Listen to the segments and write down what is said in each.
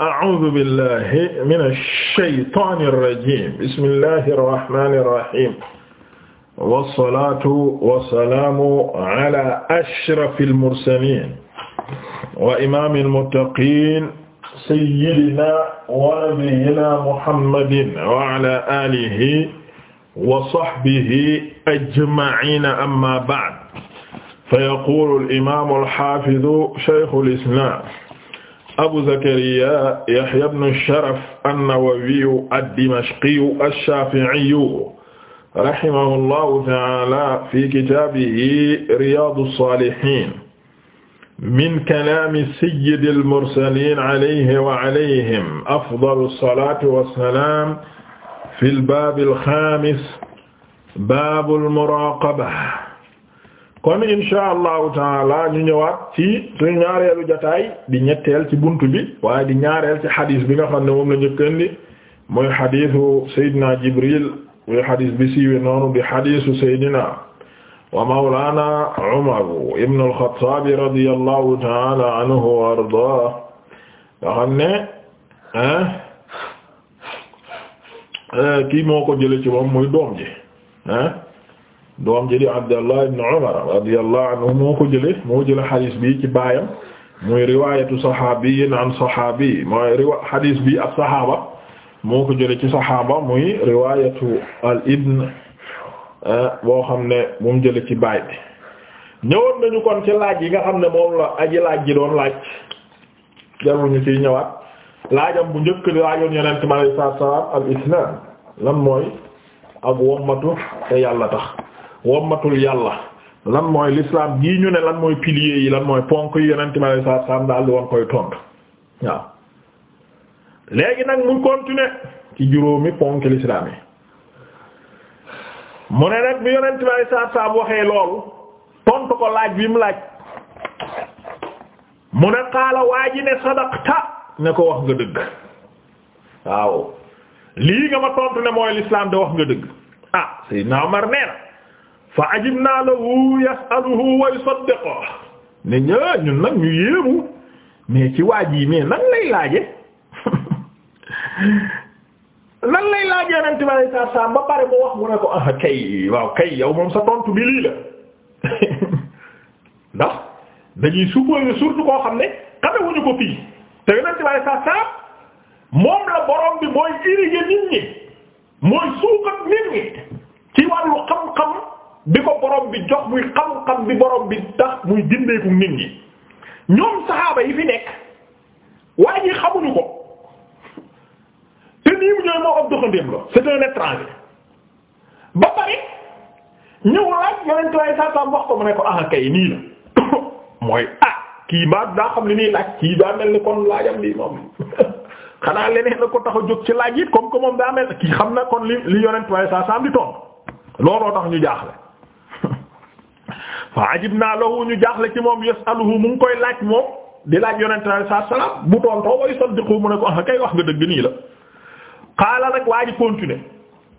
a'uuzu billahi mina shaytaani rajiim bismillahi rahmaani rahiim wasalaatu wasalaamu ala ashrafil mursaliin wa imaamil muttaqiin sayyidinaa wa nabiyyinaa muhammadin wa ala aalihi wa sahbihi ajma'iin amma ba'd fayaquulu al-imaamul haafizu shaykhul islaam Abu Zakariya Yahya ibn Sharaf an-Nawawiyu ad-Dimashqiyu ash-Shafi'iyu rahimahullahu ta'ala fi kitaabihi Riyaadu s-Saalihiin min kalaami sayyidil mursaliin alayhi wa alayhim afdalu s-salaati wa s-salaam fil baabil khaamis baabul muraaqaba kon insha allahu taala ñu ñëwaat ci suñu ñaareelu jotaay di ñetteel ci buntu bi waaye di ñaareel ci xadis bi nga xam ne moom la njëkkandi mooy xadisu Seydina Jibril mooy xadis bi siiwee noonu di xadisu Seydina wa mawlaana Umar ibn al-Khattab radiyallahu taala anhu wa ardaah nga xam kii moo ko jëlee ci moom doom ji ah. doom ji di Abdallah ibn Umar radiyallahu anhu moo ko jëlee moo jëlee xadis bi ci baayam muy riwaayatu saxaabiyin an saxaabi bi ab moo ko jëlee ci saxaaba muy riwaayatu al ibn ah, boo xam ne mu jëlee ci baay bi. ñëwoon nañu kon ci laaj yi nga xam ne moom la aji laaj ji doon laaj jarul ñu ciy ñëwaat laajam bu njëkk di laajoon Yonent mi alayhi salaatu wa salaam al islam lan mooy ak wommatu te yàlla tax. wommatul yàlla lan mooy l'islam gii ñu ne lan mooy piliers yi lan mooy ponk yi yonent bi alayhi salaatu di woon koy tontu waaw léegi nag mu continuer ci juróomi ponk l'islam mu ne nag bi yonent bi alayhi waxee loolu tontu ko laaj bi mu laaj mu ne xaala waa ji ne sadaqta ne ko wax nga dëgg waaw lii nga ma tontu ne mooy l'islam de wax nga dëgg ah Seydina Omar nee na fa ajibna lahu yasaluhu wa yusaddiqu ne ñaa ñun nag ñu yéemu mais ci waaj yi mais nan lay laaje nan lay laaje nanti ba lay pare mu wax mu ne ko ah kay waaw kay yow moom sa tontu bi lii la ndax dañuy supposé surtout koo xam ne xamewuñu ko fii te nanti ba lay saar moom la borom bi mooy irriguer nit ñi mooy suuxat nit ñi ci wàllu xam-xam bi ko borom bi jox muy xam-xam bi borom bi tax muy dindeeku nit ñi ñoom saxaaba yi fi nekk waaye ñi xamuñu ko te nii mu ñooy moo ab doxandéem la c'est un étranger ba pare ñëw laaj yonent waaye saa saa wax ko mu ne ko ah kay nii la mooy ah kii maa daa xam ne nii laaj kii daa mel ni kon laajam lii moom xanaa leneen la ko tax a jóg ci laaj it comme que moom daa mel kii xam na kon li li yonent waaye saa saa am di tontu looloo tax ñu jaaxle. fa ajibna lahu ñu jaaxle ci moom yasaluhu mu ngi koy laaj moom di laaj yonente bi alayhi salaam bu tontoo way saddiqu mu ne ko ah kay wax nga dëgg nii la qaala nag waa ji continuer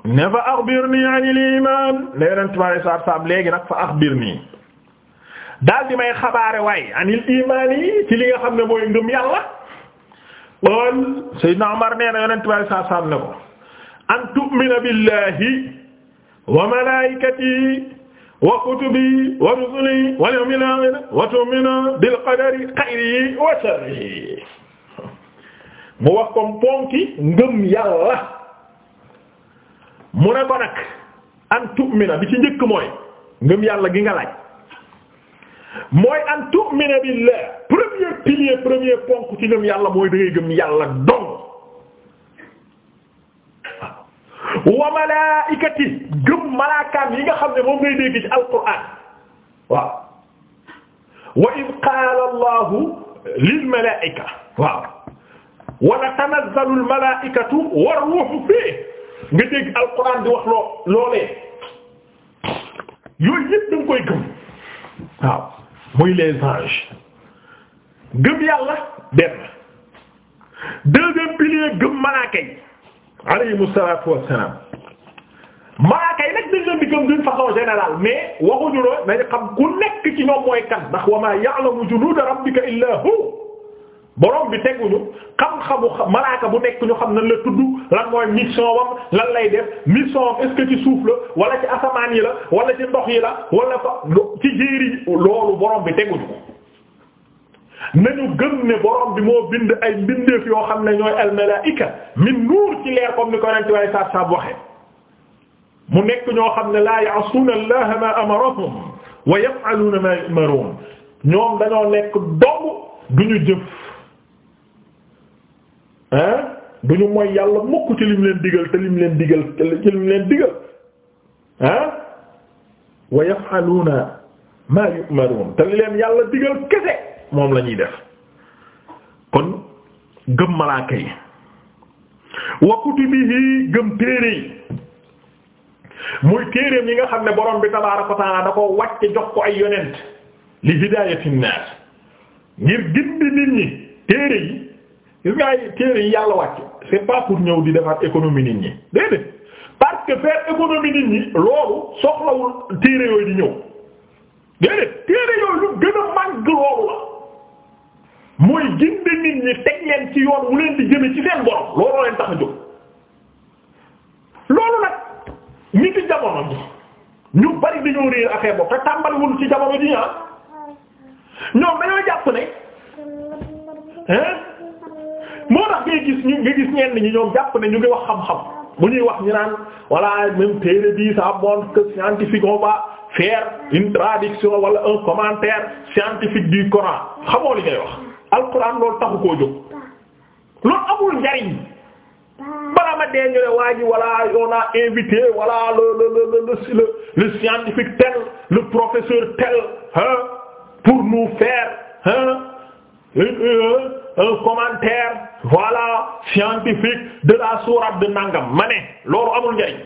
ne fa axbirnii anil iimaan ne yonente bi alayhi salaam léegi nag fa axbirnii daal di may xabaare waaye anil iimaan ci li nga xam ne mooy ngëm yàlla qaal Seydina Umar nee na yonente bi alayhi salaam ne ko an tu'mina billahi wa malaa'ikatihi wa kutubi wa rusuli wal yawmil akhir mu wax comme ponki ngëm yàlla mu ne ko nag an tu'mina bi ci njëkk mooy ngëm yàlla gi nga laaj mooy an tu'mina billah premier pilier premier ponk ci ngëm yàlla mooy dangay gëm yàlla wa malaa'ikati gëm malaakaam yi nga xam ne moom ngay dégg ci alquran waaw wa id qaala allahu lil malaa'ika waaw wa tanazzalu al malaa'ikatu war ruuhu fii nga dégg alquran di wax loo loolee yooyu yëpp da nga koy gëm waaw muy les anges gëm yàlla benn deuxième gëm malaaka alayhimu salaatu wassalaam malaaka yi nag dañ leen di gëm d'une façon générale mais waxuñu loo nañu xam ku nekk ci ñoom mooy kan ndax wa maa ya'lamu junuuda rabbika illaa hu borom bi teguñu xam-xamu malaaka bu nekk ñu xam nan la tudd lan mooy mission wam lan lay def mission wam est-ce ci suuf la wala ci asamaan la wala ci ndox yi la wala fa ci jéeri loolu borom bi teguñu ko ñu gëm ne borom bi moo bind ay mbindeef yoo xam ne ñooy al malaa'ika min nuur ci leer comme ni ko rent waaye saab saab waxe mu nekk ñoo xam ne laa ya'suuna allaha ma amarahum wa yaf'aluuna ma yu'maruun ñoom dañoo nekk dong duñu jëf hein duñu mooy yàlla mukk ci lim leen digal te lim leen digal ci lim leen digal hein wa yaf'aluuna ma yu'maruun te leen yàlla digal kese moom lañuy def kon gëm malaaka yi wa kutubihi gëm téere yi muy téereem yi nga xam ne borom bi tabaaraka wa taala da ko wàcce jox ko ay yonent li hidaayatin naas ngir gindi nit ñi téere yi gis nga téere yi yàlla wàcce c'est ñëw di defar économie nit ñi déedéet parce que faire économie nit ñi loolu soxlawul téere yooyu di ñëw déedéet téere yooyu lu gën a màgg loolu la mooy ginde nit ñi teg leen ci yoon wu leen di jëme ci seen borom looloo leen tax a jóg loolu nag nit ci jamono ji ñu bari dañoo réer affaire boobu te tàmbaliwul ci jamono ji ah ñoom dañoo jàpp ne hein moo tax ngay gis ñu nga gis ñenn ñi ñoom jàpp ne ñu ngi wax xam-xam bu ñuy wax ñu naan voilà même téere bi ça montre que scientifique on va faire une wala un commentaire scientifique du Coran xamoo li ngay wax. alquran loolu taxu koo loolu amul njariñ bala ma dee ñu ne waa ji voilà a invité voilà le le le le scientifique tel le professeur tel hein pour nous faire hein commentaire voilà scientifique de la sourate de nangam ma ne loolu amul njariñ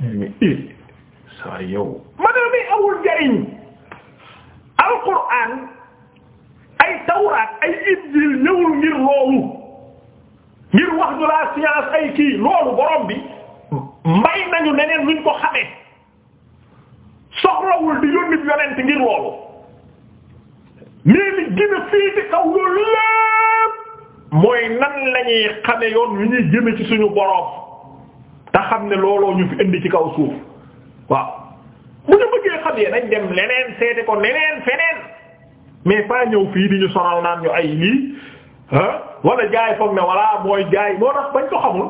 mais eh, yow ma ne mais amul njariñ alquran ay tawraat ay injil ñëwul ngir loolu ngir wax du la science ay kii loolu borom bi may nañu neneen luñ ko xamee soxlawul di yónni yonent ngir loolu mais li gën a fii ci kaw loolu lépp mooy nan lañuy xame yoon wi ñuy jëme ci suñu borom te xam ne looloo ñu fi indi ci kaw suuf waaw bu ñu bëggee xam yee nañ dem leneen seete ko leneen feneen mais pas ñëw fii di ñu sonal naan ñu ay lii ah wala jaay foog ne wala mooy jaay moo tax bañ ko xamul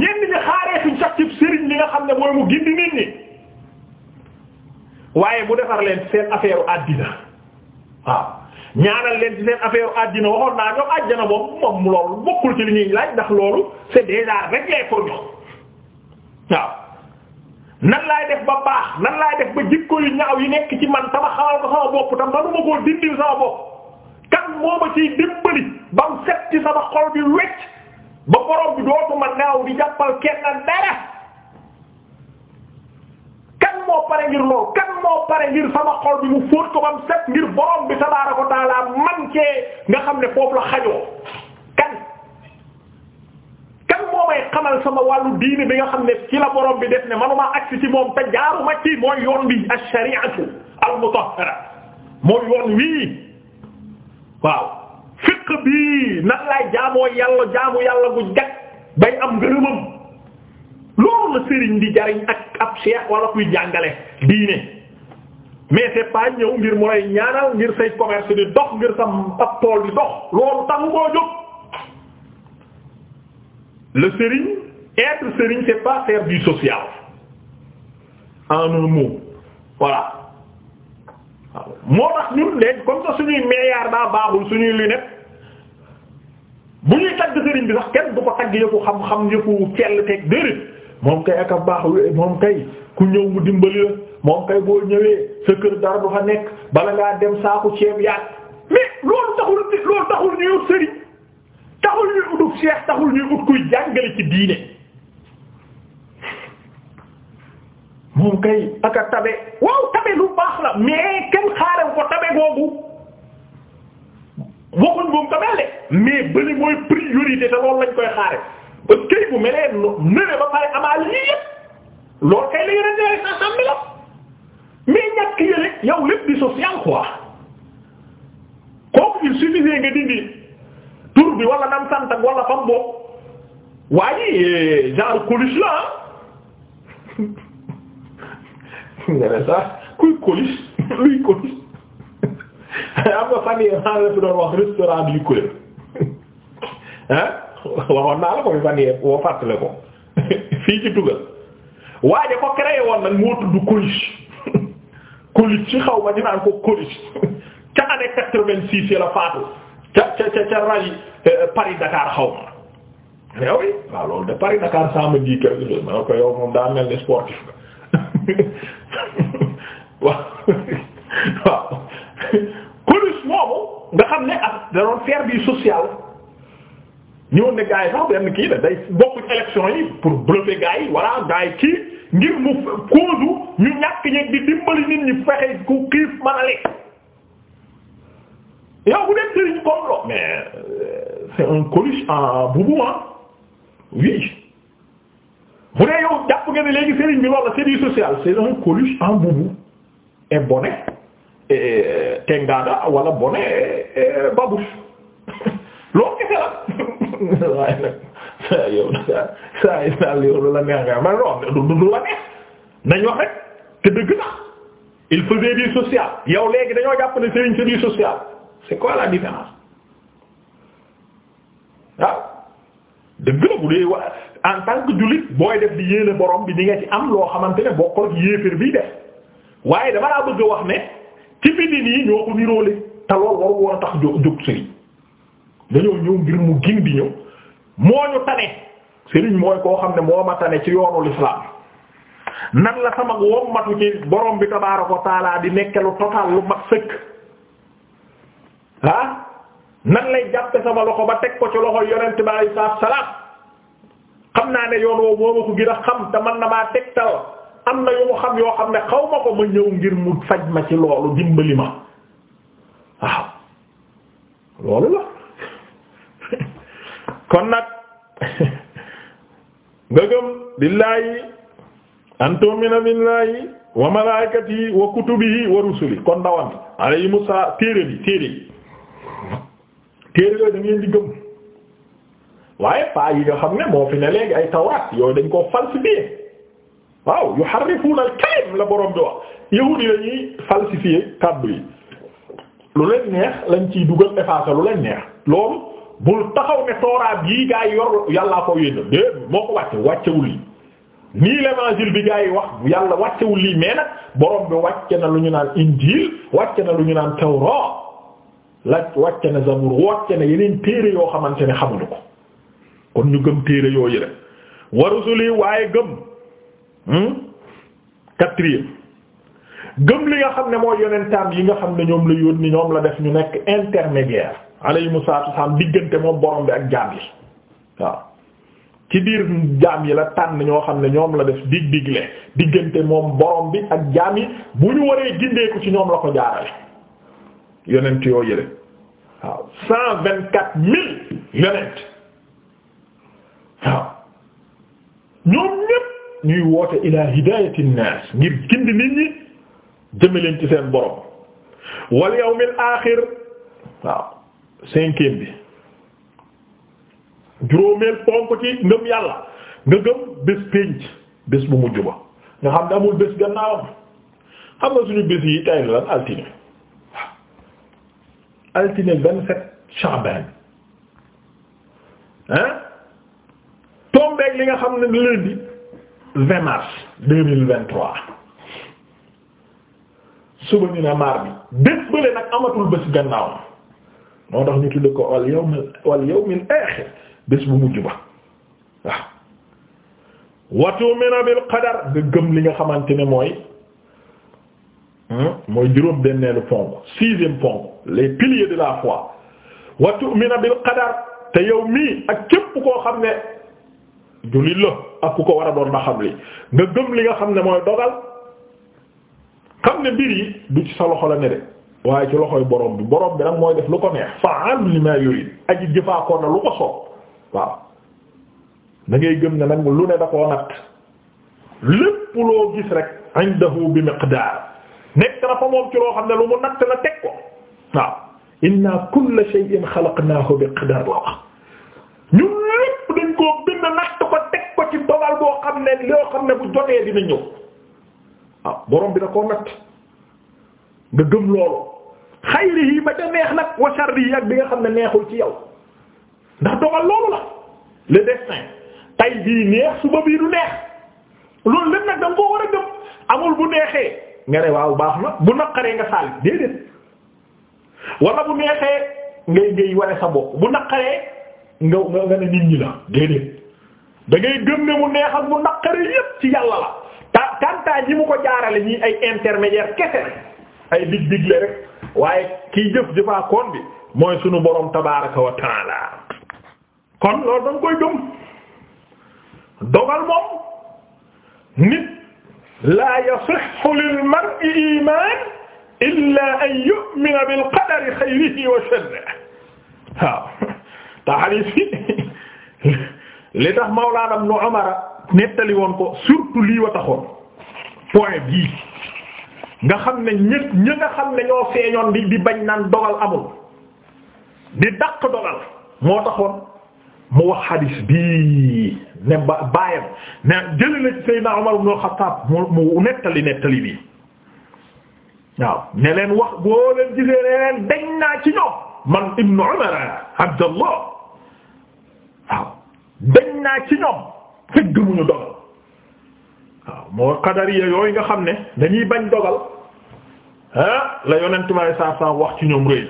ñenn ñi xaaree suñ sax ci sëriñ li nga xam ne mooy mu gindi nit ñi waaye bu defar leen seen affaire àddina waaw ñaanal leen ci seen affaire àddina waxoon naa ñoom àjjana boobu moom loolu bokkul ci li ñuy laaj ndax loolu c'est déjà réglé pour ñoom waaw. nan laay def ba baax nan laay def ba jikko yu ñaaw yi nekk ci man sama xawal ko sama bopp tam manuma koo dindil sama bopp kan moo ma ciy dimbali ba mu set ci sama xol bi wecc ba borom bi dootuma naaw di jàppal kenn dara kan moo pare ngir lool kan moo pare ngir sama xol bi mu fóot ko ba mu set ngir borom bi tabaaraka wa taala man cee nga xam ne foofu la xajoo xamal sama wàllu diine bi nga xam ne ci la borom bi def ne manuma agsi ci moom te jaaruma ci mooy yoon bi ash-shari'atu al-mutahhara mooy yoon wii waaw fiqh bi na laay jaamoo yàlla jaamu yàlla gu jag bay am ngërëmam loolu la sëriñ di jariñ ak ab cheikh wala kuy jàngale diine mais c'est pas ñëw ngir mu lay ñaanal ngir say commerce di dox ngir sa ab di dox loolu taxu koo la sëriñ être sëriñ c'est pas faire social en un mot voilà moo tax ñun léegi comme ça suñuy meeyaar daa baaxul suñuy lunette bu ñuy tagg sëriñ bi sax kenn du ko tagg yëfu xam-xam yëfu kell teg déedéet moom kay ak a baax moom kay ku ñëw mu dimbali moom kay boo ñëwee sa kër dara du fa nekk bala ngaa dem saaku ceeb yaat mais loolu taxul loolu taxul ñëw sëriñ. taxul ñuy utub cheikh taxul ut kuy jàngale ci diine moom kay ak a tabe waaw tabe lu baax la mais kenn xaarew ko tabe boobu waxuñ moom tabele mais bëli mooy priorité te loolu lañ koy xaare parce que bu melee mele ba pare amaa lii yépp loolu kay la yore sa sàmmi la mais yële yow lépp social quoi kooku il suffisait nga dindi tur bi wala nam sant ak wala fam boobu waaye genre coliche la ah nga ne sax kuy coliche luy coliche am nga fan yee maa fi doon wax restaurant du couleur ah waxoon naa la ko fi fan yee boo fàttale ko fii ci dugal waaye ko créé woon nag moo tudd coliche coliche ci xaw ma ñu ko coliche ca année quatre-vingt-six la faatu ca ca ca ca rali euh, Dakar xaw ma mais eh oui waaw loolu de Dakar ça me dit quelque chose ma ne yow moom daa mel ni sportif waaw waaw Coluche moomu nga xam ne ak da doon faire bi social ñëwoon ne gars yi sax benn kii la day bokk ci yi pour bluffer gars yi voilà kii ngir mu cause ñu ñàkk ñeeg di dimbali nit ñi fexe ku xiif mën a lekk yow bu dee sëriñ comme lo mais euh, c'est un coluche en boubou ah oui bu dee yow jàpp nga ne léegi sëriñ bi walla c'est du social c'est un coluche en boubou et bonnet et euh, tengada walla bonnet et euh, babouche loolu kese la waaye nag saa yow saa yi daal yow lu la neex nga man loolu du la neex nañ wax rek te dëgg na il faisait du jàpp ne social. c'est quoi la différence waaw ah. dëgg la bu dee wa en tant jullit booy def di yéene borom bi di nga ci am loo xamante ne bokkul ci yéefir biy def waaye dama laa bëgg wax ne ci biti nii ñoo ko niroole te loolu waru woon a tax jóg jóg sëriñ dañoo ñëw ngir mu gin di ñëw moo ñu tane sëriñ mooy koo xam ne moo ma tane ci yoonu l'islam nan la sama wommatu ci borom bi tabaaraka wa taala di nekkelu total lu mat sëkk. ah nan lay jàppe sama loxo ba teg ko ci loxo yonent bi alayhi salaatu wa salaam xam naa ne yoon woowu moo ma ko gën a xam te man na maa tegtal am na yu mu xam yoo xam ne xaw ma ko ma ñëw ngir mu faj ma ci loolu dimbali ma waaw loolu la kon nag nga gëm billaahi antumina billaahi wa malaikatihi wa kutubihi wa rusuli kon ndawan alayhi musa téere bi téere bi téere yooyu da ngeen di gëm waaye paa yi nga xam ne moo fi ne léegi ay tawraat yooyu dañ koo falsifier waaw yuharrifuuna al-kalim la borom bi wax yahuudi yi dañuy falsifier kàddu yi lu leen neex lañ ciy dugal effacer lu leen neex loolu bul taxaw ne tooraat bii gaa yor yàllaa ko yéen dé moo ko wàcce wàccewul lii nii l'évangile bi gaa yi wax yàlla wàccewul lii mais nag bi wàcce na lu ñu naan injil wàcce na lu ñu naan tawraat la wàcce na zabur wàcce na yeneen téere yoo xamante ne xamuñu ko kon ñu gëm téere yoo yëre wa rusuli waaye gëm hmm? quatrième gëm li nga xam ne mooy yonentam yi nga xam ne ñoom la yónni ñoom la def ñu nekk intermédiaire alayhimu salaatu wassalaam diggante moom borom bi ak jaam yi waaw ci biir jaam yi la tànn ñoo xam ne ñoom la def dig digle diggante moom borom bi ak jaam yi bu ñu waree gindeeku ci ñoom la ko jaarale yonent yoo yële waaw cent vingt quatre mille yonent waaw ñoom ñépp ñuy woote ila hidayati nnaas ngir gindi nit ñi jëmaleen ci seen borom wal yawmil aaxir waaw cinquième bi juróomeel ponk ci ngëm yàlla nga gëm bés pénc bés bu mujj ba nga xam ne amul bés gannaawam xam nga suñu bés yi tay la lan altine altine vingt-sept Chaban hein tombeeg li nga xam ne lundi vingt mars deux mille vingt-trois suba ñu ne mardi bés amatul bés gannaaw moo tax ñu tudd ko wal yawm wal yawmil aaxir bés bu mujj ba waaw watu mina bil qadar nga gëm li nga xamante ne mooy Hmm? mooy juróom benneelu ponk sixième ponk les piliers de la foi wa tu'mina bil qadar te yow mii ak képp koo xam ne jullit la ak ku ko war a doon na xam li nga gëm li nga xam ne mooy dogal xam ne mbir yi du ci sa loxo la ne de waaye ci loxoy borom bi borom bi nag mooy def lu ko neex fa'al lima yurid aji jëfaakoo na lu ko soob waaw da ngay gëm ne nag lu ne da koo natt lépp loo gis rek indahu bi miqdar nekk na fa moom ci loo xam ne lu mu natt la teg ko waaw inna kulla shay'in xalaqnaahu bi qadar la wax ñun lépp dañ koo bind natt ko teg ko ci dogal boo xam ne loo xam ne bu jotee dina ñëw waaw ah, borom bi da koo natt nga gëm loolu xayri yi ba ca neex nag wa sharri yi ak bi nga xam ne neexul ci yow ndax dogal loolu la le destin tay bii neex suba bii du neex loolu lépp nag da koo war a gëm amul bu neexee nga ne bu baax na bu naqaree nga xaalis déedéet wala bu neexee ngay bu naqaree nga nga ne nit ñi la déedéet da ngay ne mu neexal mu naqaree yépp ci yàlla la ta kantaa yi mu ko jaarale ñi ay intermédiaire kese ay dig digle rek waaye kiy jëf jëfaa bi mooy sunu borom tabaraka wa taala kon loolu da koy gëm dogal moom nit laa yasihhu lil mar'i iimaan illaa an yu'mina bil qadari xayrihi wa sharrihi waaw te xadiis bi li tax Mawlaana Ibn Umar nettali woon ko surtout lii wa taxoon point bii nga xam ne ñëpp ñi nga xam ne ñoo feeñoon di di bañ naan dogal amul di dàq dogal moo taxoon mu wax xadiis bii. ne ba baayam ne jëli na ci Seydina Umar ibn Khattab mu nettali nettali bi waaw leen wax boo leen gisee ne leen naa ci ñoom man Ibn Umar Abdallah waaw dañ naa ci ñoom fekk gëmuñu dogal waaw moo qadariya yooyu nga xam ne dañuy bañ dogal ah la yonent ma saa saa wax ci ñoom rëy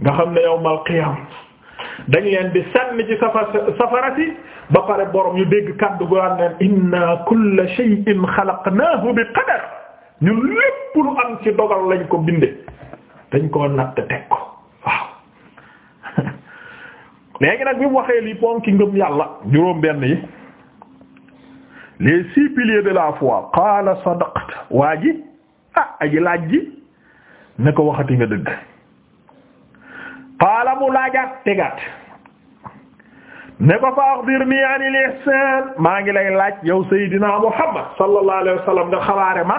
nga xam ne yawmal qiyaama dañ leen di sànni ci safa safara si ba pare borom yu dégg kàddu gu daan naan inna kulla shay'in xalaqnaahu bi qadar ñun lépp am ci dogal lañ ko binde dañ koo natt teg ko waaw léegi nag bi mu waxee li ponki ngëm yàlla juróom benn yi les six piliers de la foi qaala sadaqta waa ji ah aji laaj ji ne ko waxati nga dëgg qaala mu laajaat tegaat ne ko fa axbirnii anil ihsaan maa ngi lay laaj yow Seydina Muhammad sallallahu alayhi wa sallam nga xabaare ma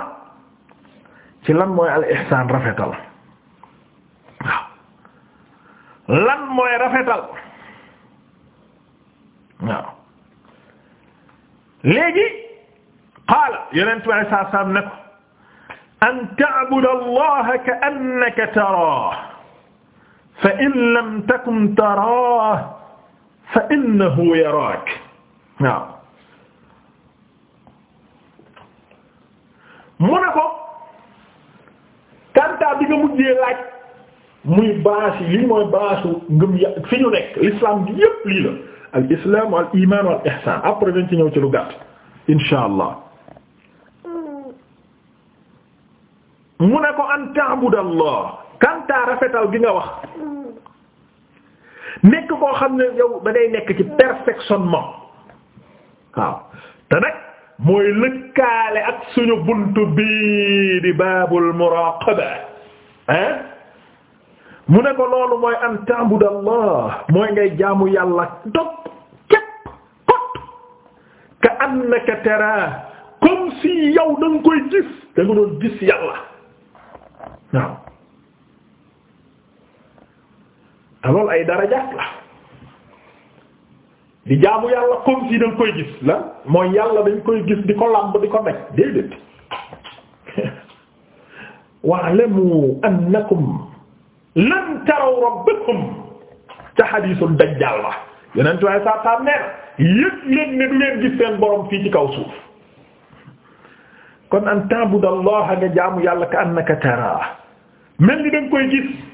ci lan mooy al ihsaan rafetal waaw lan mooy rafetal waaw léegi qaala yeneen tubaab yi saa saam ne ko an ta'buda Allaha ka'annaka taraahu fa in lam takun taraahu fa innahu yaraak waaw mu ne ko kanta bi nga mujjee laaj muy baas yi lii mooy baasu ngëm ya fi ñu nekk l'islam bi yépp lii la al islam al iman wal ihsan après dañ ci ñëw ci lu gàtt insha allah mu ne ko an ta'buda allah kantaa rafetal gi nga wax nekk koo xam ne yow da ngay nekk ci perfectionnement waaw te nag mooy lëkkaale ak suñu buntu bii di baabul muraqaba hein mu ne ko loolu mooy an ta'budallah mooy ngay jaamu yàlla dog képp kot ka annaka tara comme si yow da nga koy gis da nga doon yàlla waaw te loolu ay darajaat la di jaamu yàlla comme si dañ koy gis la mooy yàlla dañ koy gis di ko làmb di ko daj déedéet wa'lamu annakum lan taraw rabbakum ca xadiisul dajjaal la yeneen tuwaay saa saa nee na yëg leen ne du leen gis seen borom fii ci kaw suuf kon an ta'budallaha nga jaamu yàlla ka annaka taraa mel ni dañ koy gis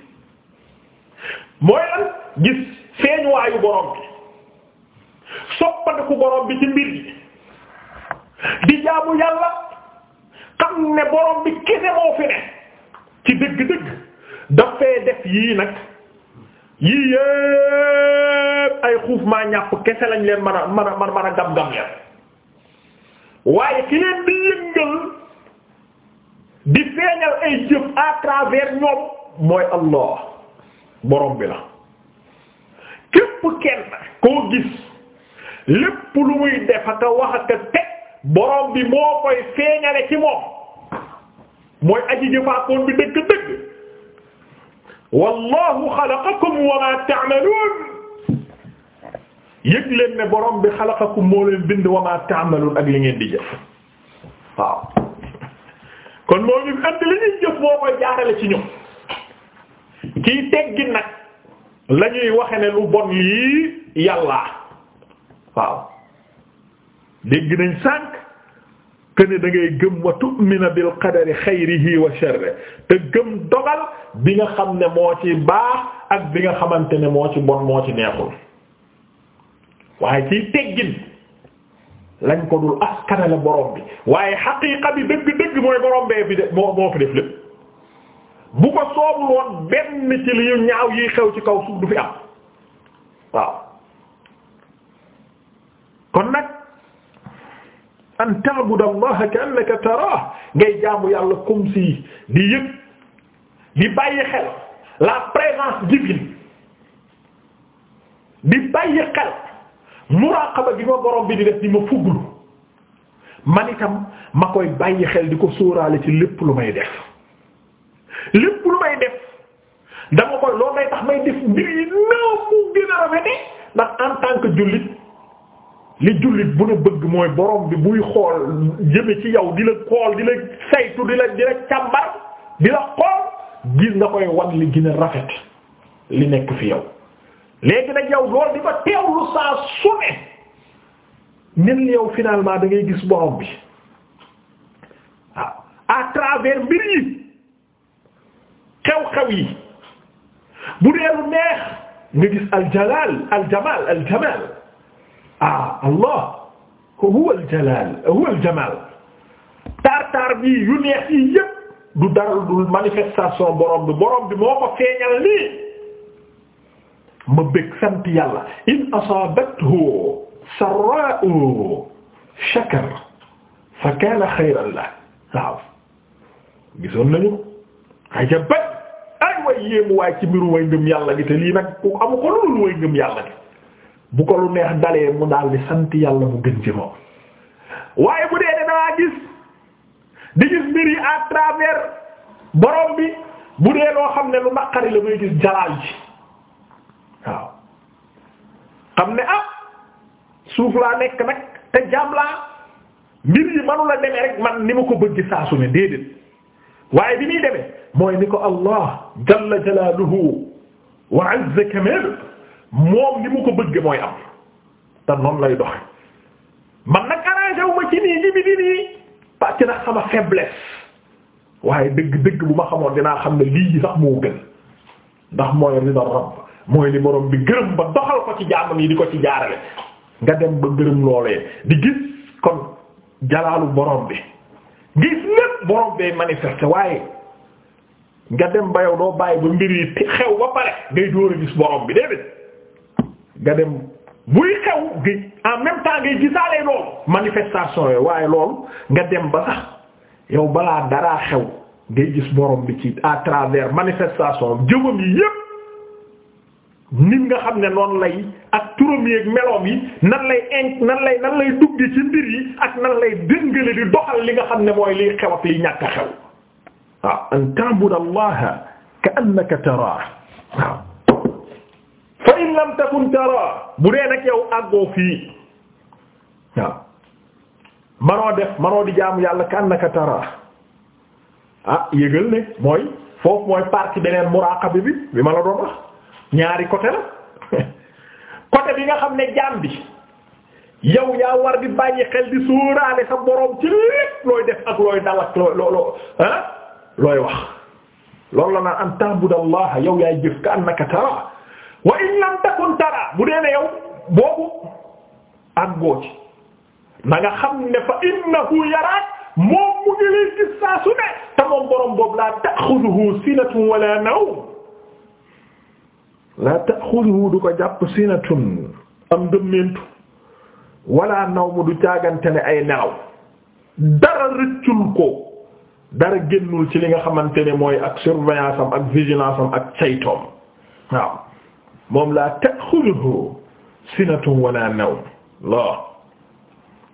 mooy lan gis feeñuwaayu borom bi soppandiku borom bi ci mbir yi di jaamu yàlla xam ne borom bi kese moo fi ne ci dëgg-dëgg dafay def yii nag yii yépp ay xuuf maa ñàpp kese lañ leen mën a man a mën a gam-gam leen waaye ki leen di yëngal di feeñal ay jëf à travers ñoom mooy Allah borom bi la képp kenn koo gis lu muy def wax ak a teg borom bi moo koy ci moom mooy aji ma ta'malun yëg leen ne borom bi xalaqakum moo leen bind wa ma ta'malun ak li ngeen di jëf kon moo ñu li ñuy moo koy jaarale ci ñoom ciy teggi nag la ñuy waxe ne lu bon lii yàlla waaw dégg nañ sànq que ne da ngay gëm wa tu'mina bil qadari xayrihi wa sharrihi te gëm dogal bi nga xam ne moo ci baax ak bi nga xamante ne moo ci bon moo ci neexul waaye ciy teggin lañ ko dul askanale borom bi waaye xaqiiqa bi dëgg-dëgg mooy borom bee bi de moo fi def lépp bu ko soobul woon benn ci li ñaaw yi xew ci kaw suuf du fi am waaw kon nag an ta'budu allaha ka'annaka taraah ngay jaamu yàlla comme si di yëg di bàyyi xel la présence divine di bàyyi xel muraqaba gi ma borom bi di def di ma fuglu man itam ma koy bàyyi xel di ko sóoraale ci lépp lu may def lépp lu may def dama koy loolu day tax may def mbir yi mu gën a rafete ndax en tant jullit li jullit bu na bëgg mooy borom bi buy xool jëme ci yow di xool di la saytu di la di la xool gis nga koy wan li gën a rafet li nekk fi yow léegi nag yow loolu di ko teewlu saa su ne nen yow finalement da gis borom bi waaw travers mbir yi xew-xew yi bu dee lu neex aljamal aljamal ah allah huwa aljalaal huwa aljamal taar bi yu neex yi yépp manifestation borom bi borom bi moo ko feeñal lii ma bëgg sant in asaabathu sarraa'u shakara fa kaana xayran lahu waaw ajabat ay way yéemu waay ci mbiru way ngëm yàlla gi te lii nag ku ko lu dul way ngëm yàlla gi bu ko lu neex dalee mu daal di sant yàlla mu gën ci moom waaye bu dee ne dangaa gis di gis mbir yi à borom bi bu dee loo xam ne lu naqari la may gis jalaal ji waaw xam ne ah suuf laa nekk nag te jaam laa mbir yi manu la demee rek man ni ma ko bëgg saa su ne déedéet waaye bi muy demee mooy ni ko Allah jalla jalaaluhu wa azza kamaal moom ni mu ko bëgge mooy am te noonu lay doxe man nag arrangé wu ci nii jibi di nii parce que nag xama waaye dëgg dëgg bu ma xamoon dinaa xam ne lii sax moo gën ndax mooy rida rabb mooy li borom bi gërëm ba doxal ko ci jaamam yi di ko ci jaarale nga dem ba gërëm loole di gis kon jalaalu borom bi gis lépp borom bee manifester waaye nga dem ba yow doo bàyyi ba mbir yi xew ba pare ngay door a gis borom bi déedéet nga dem buy xew gi en même temps ngay gisaale loolu manifestation yooyu waaye loolu nga dem ba sax yow balaa daraa xew ngay gis borom bi ci à travers manifestation jëmam yi yépp nit nga xam ne noonu lay ak turam yi meloom yi nan lay in nan lay nan lay dugge ci mbir yi ak nan lay dëngale di doxal li nga xam ne mooy liy xew ak liy ñàkk a xew waaw an ta'budu allaha ka annaka taraah waaw fa in lam takun taraah bu dee nag yow àggoo fii waaw manoo def manoo di jaamu yàlla ka annaka taraah ah yëgal ne mooy foofu mooy partie beneen muraqaba bi bi ma la doon ñaari côté la bi nga xam ne jaam bi yow yaa war di bàyyi xel di suuraale sa borom looy def ak looy dal ak ah, looy wax loolu la naan an ta'budallaha yow yaay jëf ka tara wa lam takun tara bu dee yow boobu ak boo ci nga xam ne fa innahu yaraak moom mu ngi lay gis saa su ne te moom borom boobu laa ta'xuduhu sinatun wala nawm la ta'xuduhu du ko jàpp sinatun am dëmmentu wala nawmu du jàggante ne ay nelaw dara rëccul ko dara génnul ci li nga xamante ne mooy ak surveillance ak vigilance ak saytoom waaw moom la ta'xuduhu sinatun wala nawm loo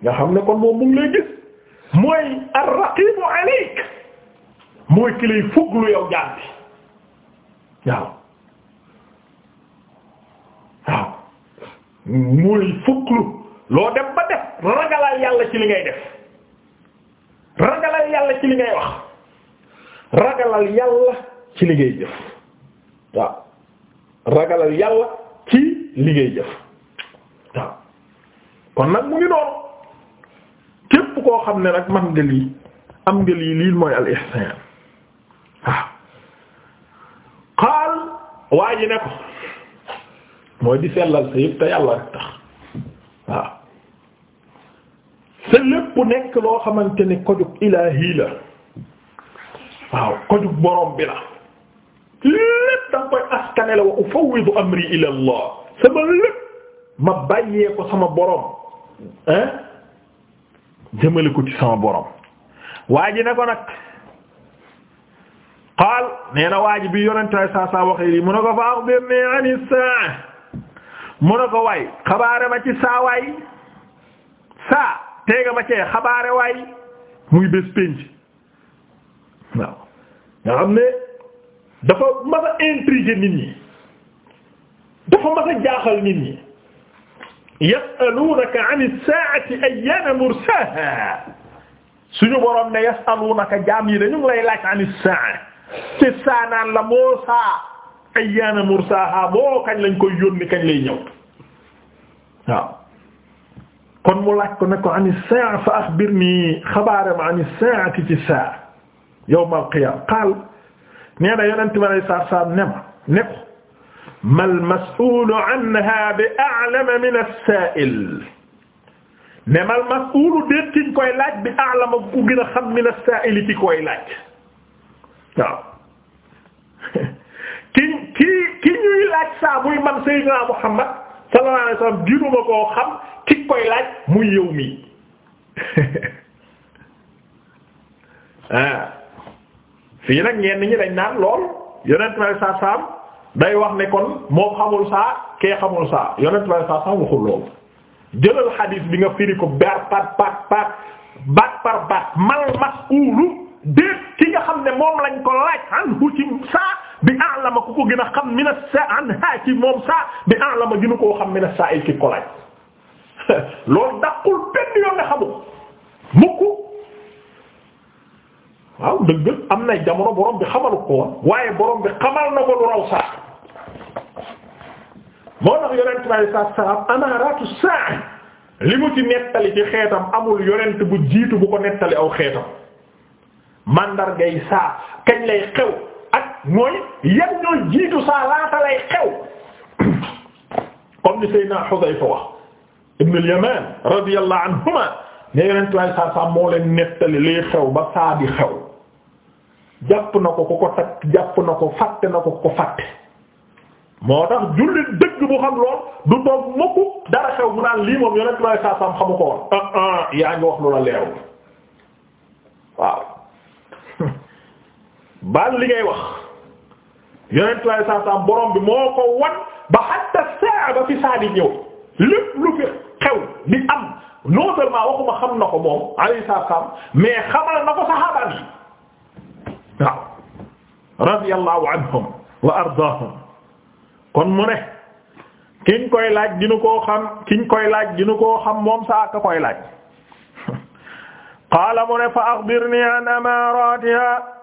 nga xam ne kon moom mu ngi lay gis mooy ar-raqibu alayk mooy ki lay fuglu yow jàpp waaw. mooy fuklu loo dem ba def ragalal yàlla ci li ngay def ragalal yàlla ci li ngay wax ragalal yàlla ci li ngay jëf waaw ragalal yàlla ci li ngay jëf waaw kon nag mu ngi doon képp koo xam ne nag man nga lii am nga lii lii mooy al ihsan waaw qaal waa ji ne ko mooy di sellal sa yëpp te yàlla nekk loo xamante ne kojug ilaahi la waaw kojug borom bi la lépp danga koy askane la wa ufawwidu amri ila Allah sama ma bàyyee ko sama borom hein jëmale ko ci sama borom waa ne ko qaal nee na waa ji bi yonent saa saa waxee mu ne ko fa axbirnii ani saa mu ne ko xabaare ma ci saa waay saa teega ma cee xabaare waay muy bés pénc waaw nga ne dafa mas a intriguer dafa mas a jaaxal nit ñi yasaluunaka an as-saa'ati ayyaana mursaahaa suñu boroom ne yasaluunaka jaam yi dañu ngi lay laaj an as ci saa naan la moo ayyaana mursaaha boo kañ lañ koy yónni kañ lay ñëw kon mu laaj ko ne ko ani saa fa axbirnii xabaaram ani saati ci saa yawmal qiyaama qaal nee na yonent ma lay saar saar ne ma ne ko mal bi a'lama min as-saa'il ne mal mas'uulu déet kiñ koy laaj bi a'lama ku a xam min as-saa'il ci koy kii ki ñuy laaj saa muy man Seydina Muhammad sallallahu alayhi wasallam dinuma koo xam ki koy laaj muy yow mi ah fii nag ñenn ñi dañ naan lool yonent bi saa saam day wax ne kon moom xamul saa kee xamul saa yonent bi saa saam waxul lool jëlal xadiis bi nga firi ko baat par baat baat baat par baat mal mas'uulu déet ki nga xam ne moom lañ ko laaj an bu ci saa. bi a'lama ku ko gën a xam mina sa an ha ci moom saa bi a'lama gënu koo xam mina saa il ki ko laaj loolu dàqul benn yoon nga xamu mukk waaw dëgg am na jamono borom bi xamalu ko waaye xamal na ko lu raw saa moo tax yonent bi alayhi salaatu salaam amaaraatu saa li mu ci nettali ci xeetam amul yonent bu jiitu bu ko nettali aw xeetam mandargay saa kañ lay xew. mooy yan ñoo jiitu saa laata lay xew comme ni Seydina Hudayfa wax ibn al-Yaman radiyallahu anhuma ne yonent saa saa moo leen nettali liy xew ba saa bi xew jàpp na ko ku ko takk jàpp na ko fàtte na ko ko fàtte moo tax jullit dëgg bu xam lool du toog mukk dara xew mu naan lii moom yonent saa saa xamu ko woon ah ah yaa ngi wax lu la leew waaw baal li ngay wax yeneen tuwaay sàttam borom bi moo ko wan ba hatta saa ba fi saa di ñëw lépp lu fi xew di am non seulement waxuma xam na ko moom alayhi salaam mais xamal na ko saxaabaan yi waaw radiyallahu anhum wa ardaahum kon mu ne kiñ koy laaj dina koo xam kiñ koy laaj dina koo xam moom saa ka koy laaj qaala mu ne fa axbirni an amaaratiha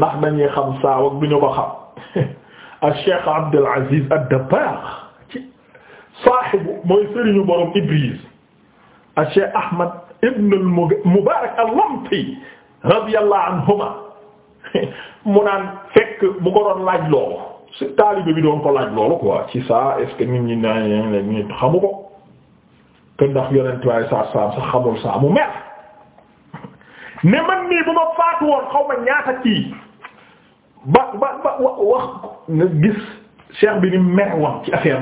ndax dañuy xam saaw ak ko xam al Cheikh Abdul Aziz ad-Dabbagh ci saahibu mooy sëriñu borom Ibriz al Cheikh Ahmad ibn al-Mubarak al-Lamti radiyallahu anhuma mu naan fekk bu ko doon laaj loolu si taalibe bi doon ko loolu quoi ci saa est nit ñi naa ne nit xamu ko te ndax yonent waaye saa saam sa xamul saa mu mer ne man nii bu ma faatu woon xaw ba ba ba wax nga gis cheikh bi ni mer woon ci affaire